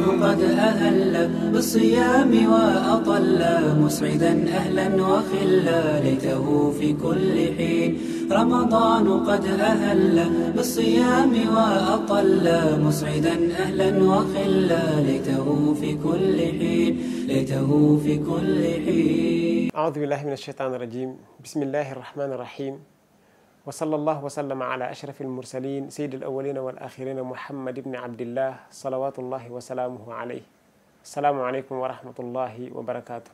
الله قد أهل بالصيام وأطل مسعدا أهلا وخلا ليته في كل حين رمضان قد أهل بالصيام وأطل مسعدا أهلا وخلا ليته في كل حين ليته في كل حين أعوذ بالله من الشيطان الرجيم بسم الله الرحمن الرحيم وصلى الله وسلم على أشرف المرسلين سيد الأولين والآخرين محمد بن عبد الله صلوات الله وسلامه عليه السلام عليكم ورحمة الله وبركاته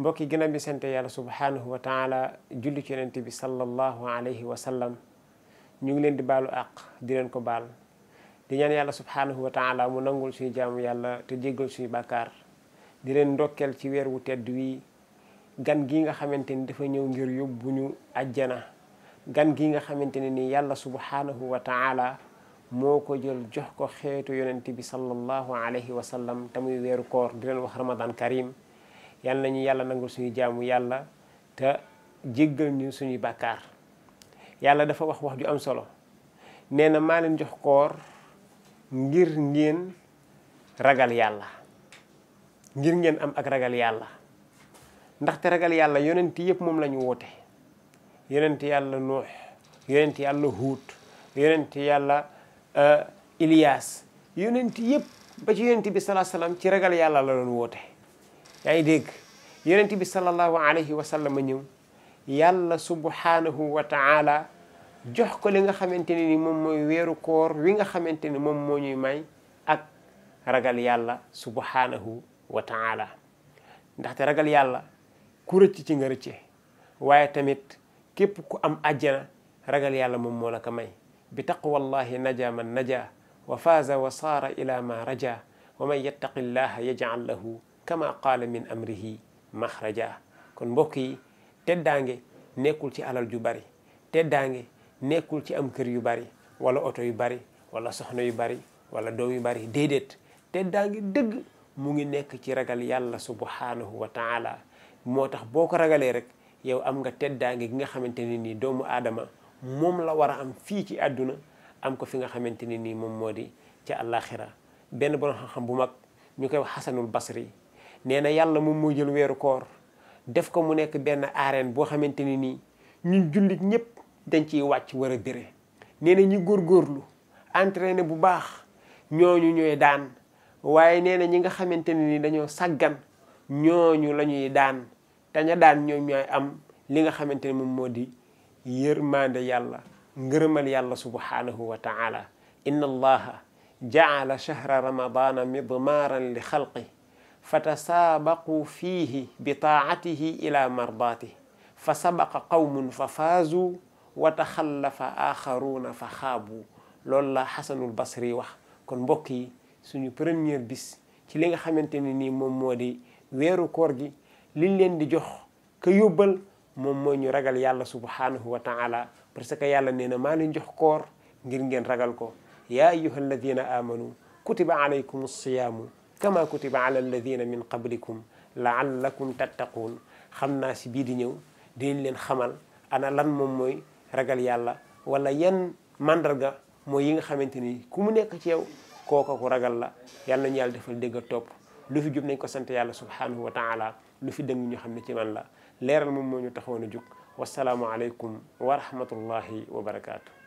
مبكي جنا بسنت يا سبحانه وتعالى جل أنت بصلى الله عليه وسلم نجلين دبالو أق دين كبال دين يا سبحانه وتعالى منقول في جام يا الله تجيقول في بكر دين دوكل في وير وتدوي gan gi nga xamanteni dafa ñew ngir yobbu gan gi nga xamante ne nii yàlla subhanahu wa ta'ala moo ko jël jox ko xeetu yonent bi sallallahu alayhi wa sallam te muy weeru koor di leen wax ramadan karim yàlla nañu yàlla nangul suñu jaamu yàlla te jéggal ñu suñuy bakkaar yàlla dafa wax wax ju am solo nee na maa leen jox koor ngir ngeen ragal yàlla ngir ngeen am ak ragal yàlla ndaxte ragal yàlla yonent yëpp moom lañu ñu woote yonent yàlla Nuux yonent yàlla Huut yonent yàlla eh, Ilias yonent yëpp ba ci yonent bi salaa salaam ci ragal yàlla la doon woote. yaa ngi dégg yonent bi sallallahu alayhi wa sallam ñëw yàlla subhanahu wa ta'ala jox ko li nga xamante ni moom mooy weeru koor wi nga xamante ni moom moo ñuy may ak ragal yàlla subhanahu wa ta'ala ndaxte ragal yàlla ku rëcc ci nga rëcce waaye tamit. képp ku am àjjana ragal yàlla moom moo la ko may bi taqwallahi naja man naja wa faaza wa saara ila ma raja wa man yattaqillaha yaj'al lahu kama qaala min amrihi maxraja kon mbokk yi teddaange nekkul ci alal ju bari teddaange nekkul ci am kër yu bari wala oto yu bari wala soxna yu bari wala doom yu bari déedéet teddaange dëgg mu ngi nekk ci ragal yàlla subhanahu wa taala moo tax boo ko ragalee rek yow am nga teddaange gi nga xamante ne nii doomu aadama moom la war a am fii ci àdduna am ko fi nga xamante ne nii moom moo di ca àllaaxira benn borom bu mag ñu koy wax xasanul nee na yàlla moom moo jël weeru koor def ko mu nekk benn arène boo xamante ne nii ñu jullit ñëpp dañ ciy wàcc war a bëre nee góor ñi góorgóorlu entraîné bu baax ñooñu ñooy daan waaye nee na ñi nga xamante ne ni dañoo sàggan ñooñu la ñuy daan te ña daan ñoom am li nga xamante ne moom moo di yërmande yàlla ngërëmal yàlla subhanahu wa taala inna allaha jaala chahra ramadana midmaaran li xalqi fa tasaabaqu fiihi bi taatihi ila mardaati fa sabaqa qawmun fa faazu wa taxallafa axaruuna fa xaabu loolu la xasanul basri wax kon mbokk yi suñu bis ci li nga xamante ne weeru koor gi liñ leen di jox ka yóbbal moom mooy ñu ragal yàlla subhanahu wa taala parce que yàlla nee na maa leen jox koor ngir ngeen ragal ko yaa ayuha alladina amanu kutiba alaykum alsiyaamu kama kutiba ala alladina min qablikum laallakum tattaquun xam naa si bii di ñëw dinañ leen xamal ana lan moom mooy ragal yàlla wala yan mandarga mooy yi nga xamante ni ku mu nekk ci yow kooka ku ragal la yàlla nañu yàlla defal dégg ak topp lu fi jub nañ ko sant yàlla subhanahu wa taala lu fi dëng ñu xam ne ci man la leeral moom moo ñu taxawoon a jug wasalaamualeykum wa rahmatullahi wa barakaatu.